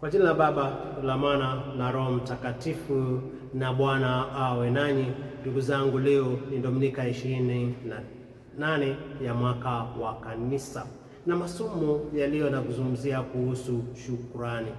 Kwa jina la Baba la Mwana na Roho Mtakatifu, na Bwana awe nanyi. Ndugu zangu, leo ni Dominika ishirini na nane ya mwaka wa Kanisa, na masomo yaliyo na kuzungumzia kuhusu shukrani,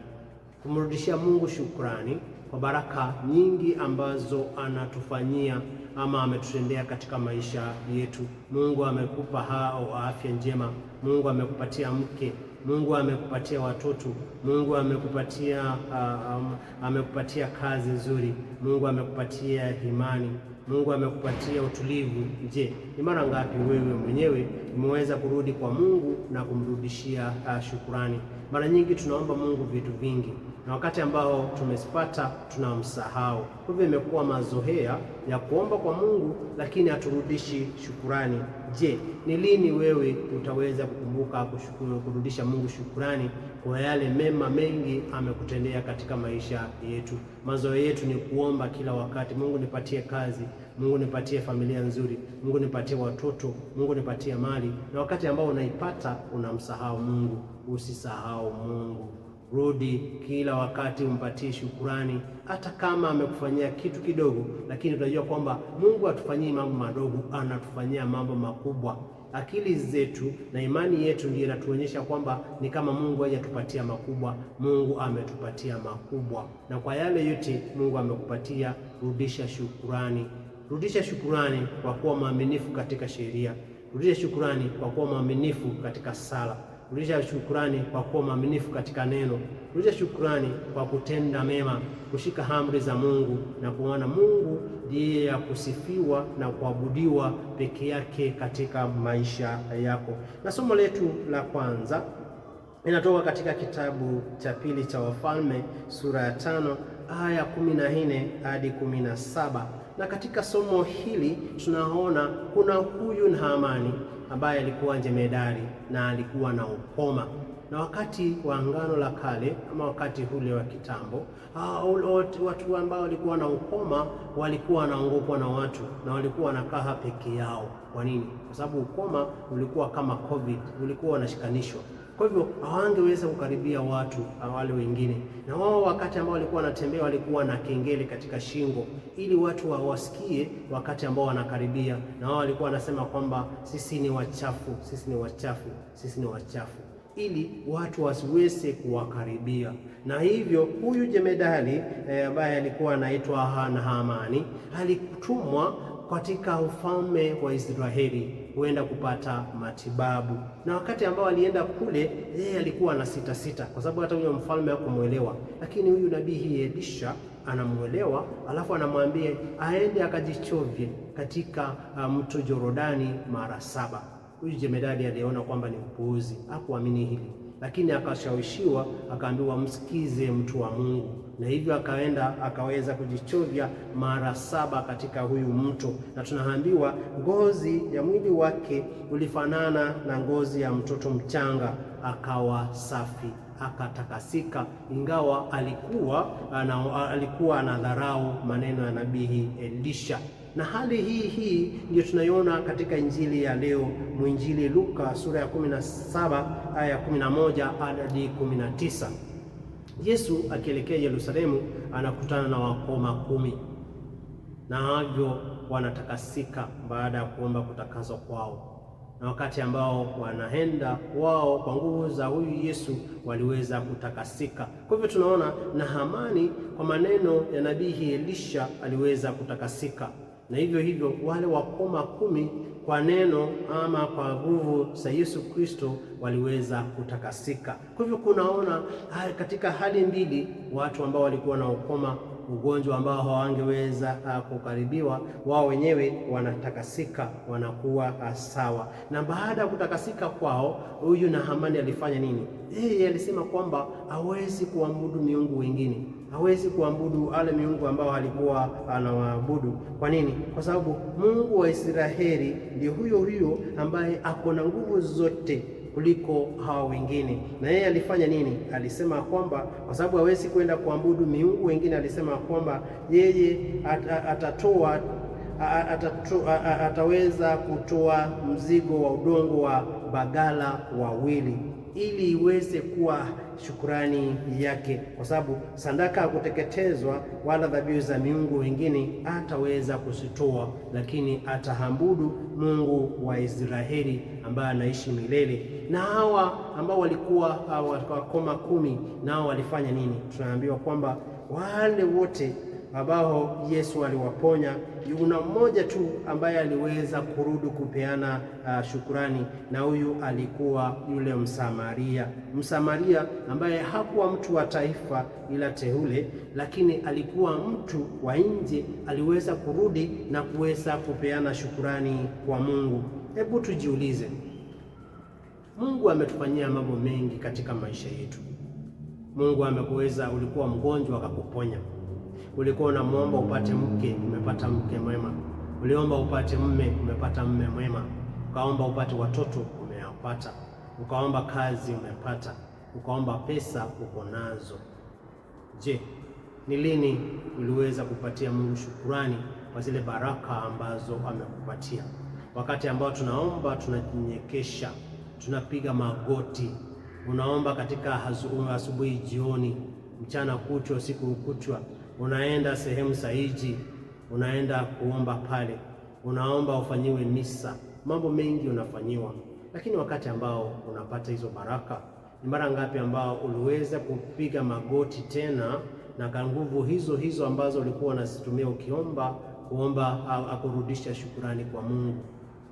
kumrudishia Mungu shukrani kwa baraka nyingi ambazo anatufanyia ama ametutendea katika maisha yetu. Mungu amekupa hao afya njema, Mungu amekupatia mke Mungu amekupatia watoto, Mungu amekupatia uh, um, amekupatia kazi nzuri, Mungu amekupatia imani, Mungu amekupatia utulivu. Je, ni mara ngapi wewe mwenyewe umeweza kurudi kwa Mungu na kumrudishia uh, shukurani? Mara nyingi tunaomba Mungu vitu vingi na wakati ambao tumesipata tunamsahau. Kwa hivyo imekuwa mazoea ya kuomba kwa Mungu, lakini haturudishi shukurani. Je, ni lini wewe utaweza kukumbuka kushukuru, kurudisha Mungu shukurani kwa yale mema mengi amekutendea katika maisha yetu? Mazoea yetu ni kuomba kila wakati, Mungu nipatie kazi, Mungu nipatie familia nzuri, Mungu nipatie watoto, Mungu nipatie mali, na wakati ambao unaipata unamsahau Mungu. Usisahau Mungu. Rudi kila wakati umpatie shukurani, hata kama amekufanyia kitu kidogo, lakini tunajua kwamba Mungu atufanyii mambo madogo, anatufanyia mambo makubwa. Akili zetu na imani yetu ndiyo inatuonyesha kwamba ni kama Mungu hajatupatia makubwa. Mungu ametupatia makubwa, na kwa yale yote Mungu amekupatia, rudisha shukurani. Rudisha shukurani kwa kuwa mwaminifu katika sheria. Rudisha shukurani kwa kuwa mwaminifu katika sala. Rudisha shukrani kwa kuwa mwaminifu katika neno. Rudisha shukrani kwa kutenda mema, kushika amri za Mungu na kuona Mungu ndiye ya kusifiwa na kuabudiwa peke yake katika maisha yako. Na somo letu la kwanza inatoka katika kitabu cha pili cha Wafalme sura ya tano aya kumi na nne hadi kumi na saba na katika somo hili tunaona kuna huyu Naamani ambaye alikuwa jemedari na alikuwa na ukoma. Na wakati wa Agano la Kale ama wakati ule wa kitambo, ah, watu ambao walikuwa na ukoma walikuwa wanaongopwa na watu na walikuwa wanakaa peke yao. Kwa nini? Kwa sababu ukoma ulikuwa kama COVID, ulikuwa unashikanishwa kwa hivyo hawangeweza kukaribia watu ah, wale wengine, na wao wakati ambao walikuwa wanatembea walikuwa na kengele katika shingo, ili watu wawasikie wakati ambao wanakaribia, na wao walikuwa wanasema kwamba sisi ni wachafu, sisi ni wachafu, sisi ni wachafu, ili watu wasiweze kuwakaribia. Na hivyo huyu jemedali eh, ambaye eh, alikuwa anaitwa Nahamani alikutumwa katika ufalme wa Israeli huenda kupata matibabu. Na wakati ambao alienda kule, yeye alikuwa na sita sita, kwa sababu hata huyo mfalme hakumwelewa, lakini huyu nabii Elisha anamwelewa, alafu anamwambia aende akajichovye katika ah, mto Jorodani mara saba. Huyu jemedali aliona kwamba ni upuuzi, hakuamini hili, lakini akashawishiwa, akaambiwa msikize mtu wa Mungu na hivyo akaenda akaweza kujichovya mara saba katika huyu mto, na tunaambiwa ngozi ya mwili wake ulifanana na ngozi ya mtoto mchanga, akawa safi akatakasika, ingawa alikuwa ana, alikuwa anadharau maneno ya nabii Elisha na hali hii hii ndio tunaiona katika injili ya leo, mwinjili Luka sura ya 17 aya ya 11 hadi 19. Yesu akielekea Yerusalemu anakutana na wakoma kumi na hivyo wanatakasika baada ya kuomba kutakaswa kwao, na wakati ambao wanaenda wao kwa nguvu za huyu Yesu waliweza kutakasika. Kwa hivyo tunaona na Hamani kwa maneno ya nabii Elisha aliweza kutakasika na hivyo hivyo wale wakoma kumi kwa neno ama kwa nguvu za Yesu Kristo waliweza kutakasika. Kwa hivyo kunaona ah, katika hali mbili, watu ambao walikuwa na ukoma ugonjwa ambao hawangeweza uh, kukaribiwa wao wenyewe, wanatakasika wanakuwa uh, sawa. Na baada ya kutakasika kwao, huyu Nahamani alifanya nini? Yeye alisema kwamba hawezi kuabudu miungu wengine, hawezi kuabudu ale miungu ambao alikuwa anawaabudu. Kwa nini? Kwa sababu Mungu wa Israeli ndio huyo huyo ambaye ako na nguvu zote kuliko hawa wengine. Na yeye alifanya nini? Alisema kwamba kwa sababu hawezi kwenda kuabudu miungu wengine, alisema kwamba yeye atatoa ataweza kutoa mzigo wa udongo wa bagala wawili ili iweze kuwa shukurani yake, kwa sababu sadaka ya kuteketezwa wala dhabihu za miungu wengine ataweza kuzitoa, lakini atahambudu Mungu wa Israeli ambaye anaishi milele. Na hawa ambao walikuwa wakoma kumi, nao walifanya nini? Tunaambiwa kwamba wale wote ambao Yesu aliwaponya. Yuna mmoja tu ambaye aliweza kurudi kupeana uh, shukurani, na huyu alikuwa yule Msamaria. Msamaria ambaye hakuwa mtu wa taifa ila teule, lakini alikuwa mtu wa nje, aliweza kurudi na kuweza kupeana shukurani kwa Mungu. Hebu tujiulize, Mungu ametufanyia mambo mengi katika maisha yetu. Mungu amekuweza, ulikuwa mgonjwa akakuponya Ulikuwa unamwomba upate mke, umepata mke mwema. Uliomba upate mme, umepata mme mwema. Ukaomba upate watoto, umeyapata. Ukaomba kazi, umepata. Ukaomba pesa, uko nazo. Je, ni lini uliweza kupatia Mungu shukurani kwa zile baraka ambazo amekupatia? Wakati ambao tunaomba tunanyenyekesha, tunapiga magoti. Unaomba katika asubuhi, jioni, mchana kuchwa, usiku kuchwa unaenda sehemu saiji, unaenda kuomba pale, unaomba ufanyiwe misa, mambo mengi unafanyiwa. Lakini wakati ambao unapata hizo baraka ni mara ngapi ambao uliweza kupiga magoti tena na kwa nguvu hizo hizo ambazo ulikuwa unazitumia ukiomba kuomba akurudisha shukurani kwa Mungu?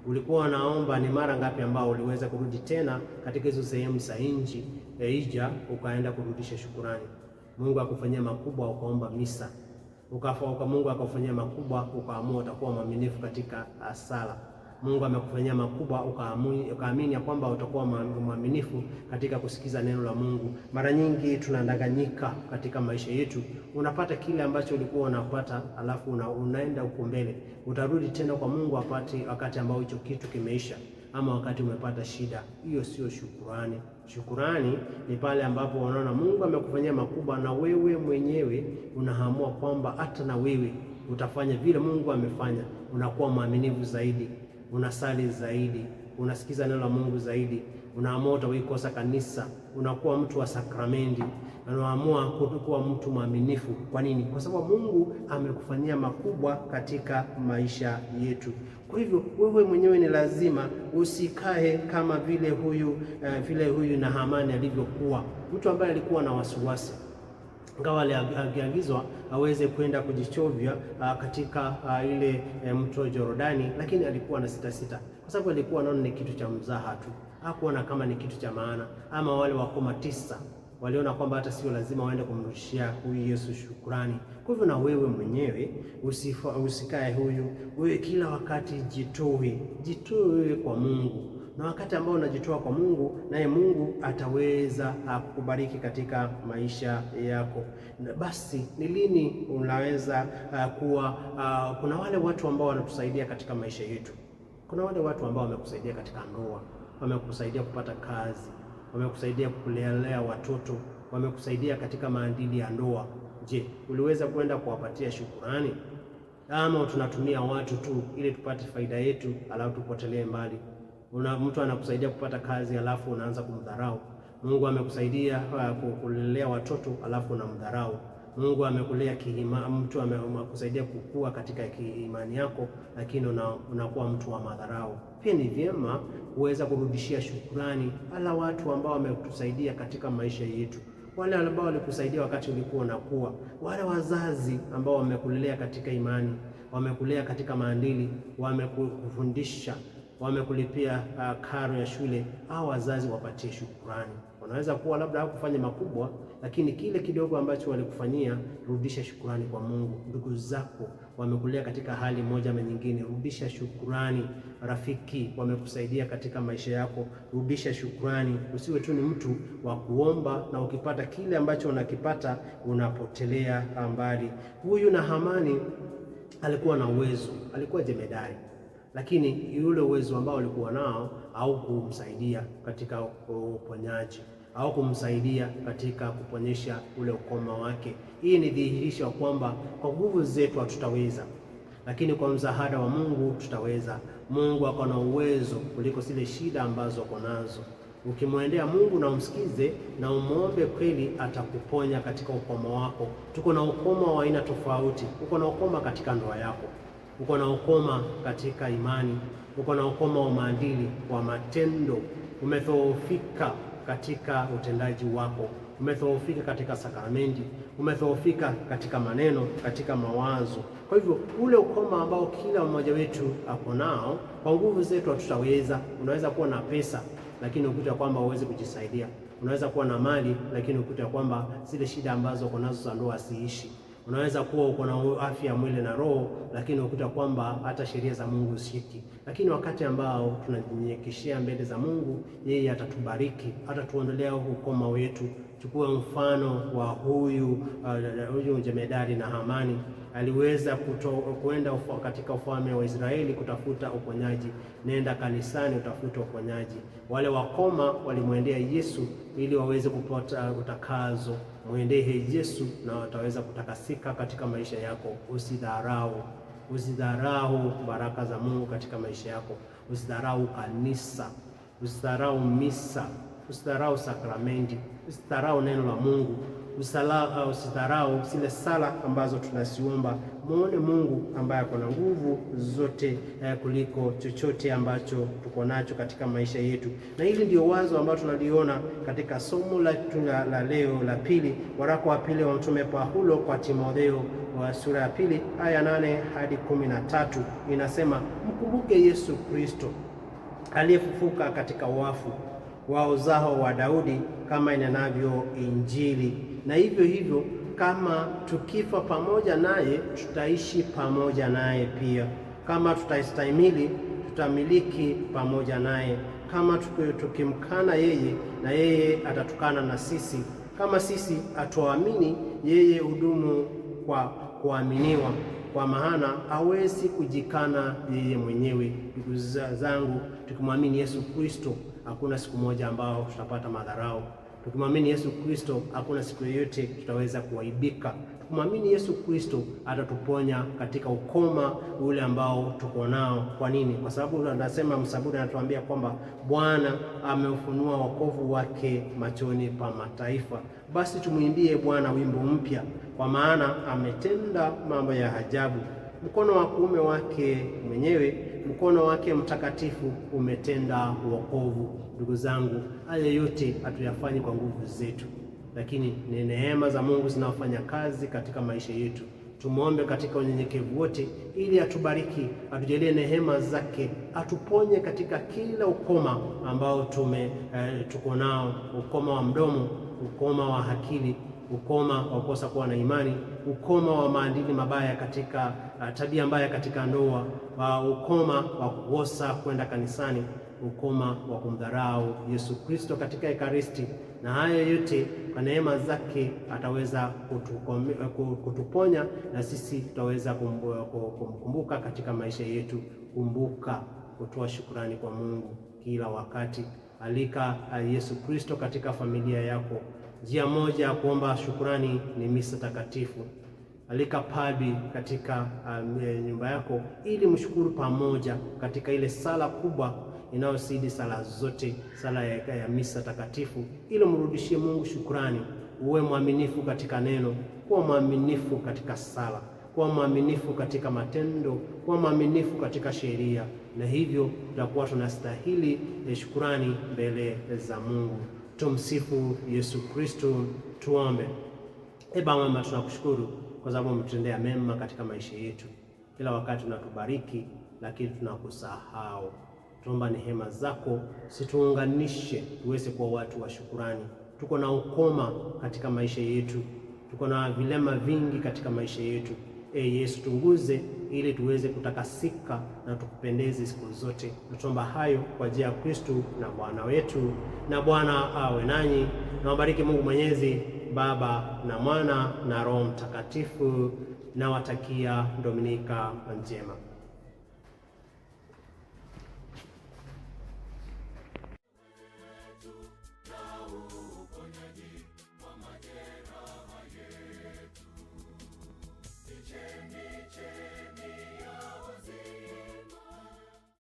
Ulikuwa unaomba ni mara ngapi ambao uliweza kurudi tena katika hizo sehemu za nje, eija ukaenda kurudisha shukurani? Mungu akufanyia makubwa, ukaomba misa, ukafauka, Mungu akakufanyia makubwa, ukaamua utakuwa mwaminifu katika sala. Mungu amekufanyia makubwa, ukaamini ya kwamba utakuwa mwaminifu katika kusikiza neno la Mungu. Mara nyingi tunadanganyika katika maisha yetu, unapata kile ambacho ulikuwa unapata, alafu una, unaenda huko mbele, utarudi tena kwa Mungu apate wakati ambao hicho kitu kimeisha ama wakati umepata shida. Hiyo sio shukurani. Shukurani ni pale ambapo unaona Mungu amekufanyia makubwa na wewe mwenyewe unahamua kwamba hata na wewe utafanya vile Mungu amefanya. Unakuwa mwaminifu zaidi, unasali zaidi, unasikiza neno la Mungu zaidi unaamua utawaikosa kanisa, unakuwa mtu wa sakramenti, unaamua kuwa mtu mwaminifu. Kwa nini? Kwa sababu Mungu amekufanyia makubwa katika maisha yetu. Kwa hivyo wewe mwenyewe ni lazima usikae kama vile huyu uh, vile huyu Nahamani alivyokuwa, mtu ambaye alikuwa na wasiwasi ingawa aliagizwa aweze kwenda kujichovya ah, katika a, ah, ile e, mto Jorodani, lakini alikuwa na sita sita, kwa sababu alikuwa anaona ni kitu cha mzaha tu hakuona kama ni kitu cha maana, ama wale wakoma tisa waliona kwamba hata sio lazima waende kumrushia huyu Yesu shukrani. Kwa hivyo na wewe mwenyewe usikae huyu. Wewe kila wakati jitoe, jitoe wewe kwa Mungu, na wakati ambao unajitoa kwa Mungu, naye Mungu ataweza kukubariki katika maisha yako. Na basi ni lini unaweza uh, kuwa uh, kuna wale watu ambao wanatusaidia katika maisha yetu. Kuna wale watu ambao wamekusaidia katika ndoa wamekusaidia kupata kazi, wamekusaidia kulelea watoto, wamekusaidia katika maadili ya ndoa. Je, uliweza kwenda kuwapatia shukurani, ama tunatumia watu tu ili tupate faida yetu, alafu tupotelee mbali? Una mtu anakusaidia kupata kazi, alafu unaanza kumdharau. Mungu amekusaidia uh, kulelea watoto, alafu unamdharau. Mungu amekulea kiima, mtu amekusaidia kukua katika kiimani yako, lakini unakuwa una mtu wa madharau. Pia ni vyema kuweza kurudishia shukrani wala watu ambao wametusaidia katika maisha yetu, wale ambao walikusaidia wakati ulikuwa unakuwa, wale wazazi ambao wamekulea katika imani, wamekulea katika maandili wamekufundisha wamekulipia uh, karo ya shule au wazazi wapatie shukurani. Wanaweza kuwa labda hakufanya makubwa, lakini kile kidogo ambacho walikufanyia rudisha shukurani kwa Mungu. Ndugu zako wamekulea katika hali moja ama nyingine, rudisha shukurani. Rafiki wamekusaidia katika maisha yako, rudisha shukurani. Usiwe tu ni mtu wa kuomba na ukipata kile ambacho unakipata unapotelea uh, mbali. Huyu Nahamani alikuwa na uwezo, alikuwa jemedari lakini yule uwezo ambao alikuwa nao au kumsaidia katika uponyaji au kumsaidia katika kuponyesha ule ukoma wake. Hii ni dhihirisho kwamba kwa nguvu zetu hatutaweza, lakini kwa msaada wa Mungu tutaweza. Mungu ako na uwezo kuliko zile shida ambazo uko nazo. Ukimwendea Mungu na umsikize na umwombe, kweli atakuponya katika ukoma wako. Tuko na ukoma wa aina tofauti. Uko na ukoma katika ndoa yako uko na ukoma katika imani, uko na ukoma wa maadili, wa matendo, umethoofika katika utendaji wako, umethoofika katika sakramenti, umethoofika katika maneno, katika mawazo. Kwa hivyo ule ukoma ambao kila mmoja wetu ako nao, kwa nguvu zetu hatutaweza. Unaweza kuwa na pesa lakini ukuta kwamba huwezi kujisaidia. Unaweza kuwa na mali lakini ukuta kwamba zile shida ambazo uko nazo za ndoa siishi. Unaweza kuwa uko na afya ya mwili na roho, lakini ukuta kwamba hata sheria za Mungu usiki. Lakini wakati ambao tunajinyenyekeshea mbele za Mungu, yeye atatubariki, atatuondolea ukoma wetu. Chukua mfano wa huyu uh, huyu jemedari na Hamani aliweza kuto, kuenda katika ufalme wa Israeli kutafuta uponyaji. Nenda kanisani utafuta uponyaji. Wale wakoma walimwendea Yesu ili waweze kupata utakazo mwendehe Yesu na wataweza kutakasika katika maisha yako. Usidharau, usidharau baraka za Mungu katika maisha yako, usidharau kanisa, usidharau misa, usidharau sakramenti, usidharau neno la Mungu, uh, usidharau zile sala ambazo tunasiomba muone Mungu ambaye ako na nguvu zote eh, kuliko chochote ambacho tuko nacho katika maisha yetu. Na hili ndio wazo ambalo tunaliona katika somo la, la, la leo la pili, waraka wa pili wa mtume Paulo kwa Timotheo wa sura ya pili aya nane hadi kumi na tatu inasema, mkumbuke Yesu Kristo aliyefufuka katika wafu wa uzao wa Daudi kama inenavyo Injili, na hivyo hivyo kama tukifa pamoja naye tutaishi pamoja naye pia. Kama tutaistahimili tutamiliki pamoja naye. Kama tukimkana yeye, na yeye atatukana na sisi. Kama sisi atuamini yeye, hudumu kwa kuaminiwa, kwa maana hawezi kujikana yeye mwenyewe. Ndugu zangu, tukimwamini Yesu Kristo, hakuna siku moja ambao tutapata madharau. Tukimwamini Yesu Kristo, hakuna siku yoyote tutaweza kuaibika. Tukimwamini Yesu Kristo, atatuponya katika ukoma ule ambao tuko nao. Kwa nini? Kwa sababu anasema msaburi, anatuambia kwamba Bwana ameufunua wokovu wake machoni pa mataifa. Basi tumwimbie Bwana wimbo mpya, kwa maana ametenda mambo ya ajabu, mkono wa kuume wake mwenyewe mkono wake mtakatifu umetenda wokovu. Ndugu zangu, haya yote hatuyafanyi kwa nguvu zetu, lakini ni neema za Mungu zinafanya kazi katika maisha yetu. Tumwombe katika unyenyekevu wote, ili atubariki, atujalie neema zake, atuponye katika kila ukoma ambao tume eh, tuko nao, ukoma wa mdomo, ukoma wa akili ukoma wa kukosa kuwa na imani, ukoma wa maadili mabaya katika uh, tabia mbaya katika ndoa, uh, ukoma wa kukosa kwenda kanisani, ukoma wa kumdharau Yesu Kristo katika Ekaristi. Na haya yote kwa neema zake ataweza uh, kutuponya na sisi tutaweza uh, kumkumbuka katika maisha yetu. Kumbuka kutoa shukrani kwa Mungu kila wakati. Alika ah, Yesu Kristo katika familia yako. Njia moja ya kuomba shukurani ni misa takatifu. Alika padri katika um, nyumba yako ili mshukuru pamoja katika ile sala kubwa inayosidi sala zote, sala ya, ya misa takatifu, ili mrudishie Mungu shukurani. Uwe mwaminifu katika neno, kuwa mwaminifu katika sala, kuwa mwaminifu katika matendo, kuwa mwaminifu katika sheria na hivyo tutakuwa tunastahili eh, shukurani mbele za Mungu. Tumsifu Yesu Kristo. Tuombe. E Baba mwema, tunakushukuru kwa sababu umetendea mema katika maisha yetu. Kila wakati unatubariki, lakini tunakusahau. Tuomba hema zako situunganishe, tuweze kuwa watu wa shukurani. Tuko na ukoma katika maisha yetu, tuko na vilema vingi katika maisha yetu e Yesu, tunguze ili tuweze kutakasika na tukupendeze siku zote. Natomba hayo kwa njia ya Kristo na Bwana wetu. Na Bwana awe nanyi, na wabariki Mungu Mwenyezi, Baba na Mwana na Roho Mtakatifu. Nawatakia Dominika njema.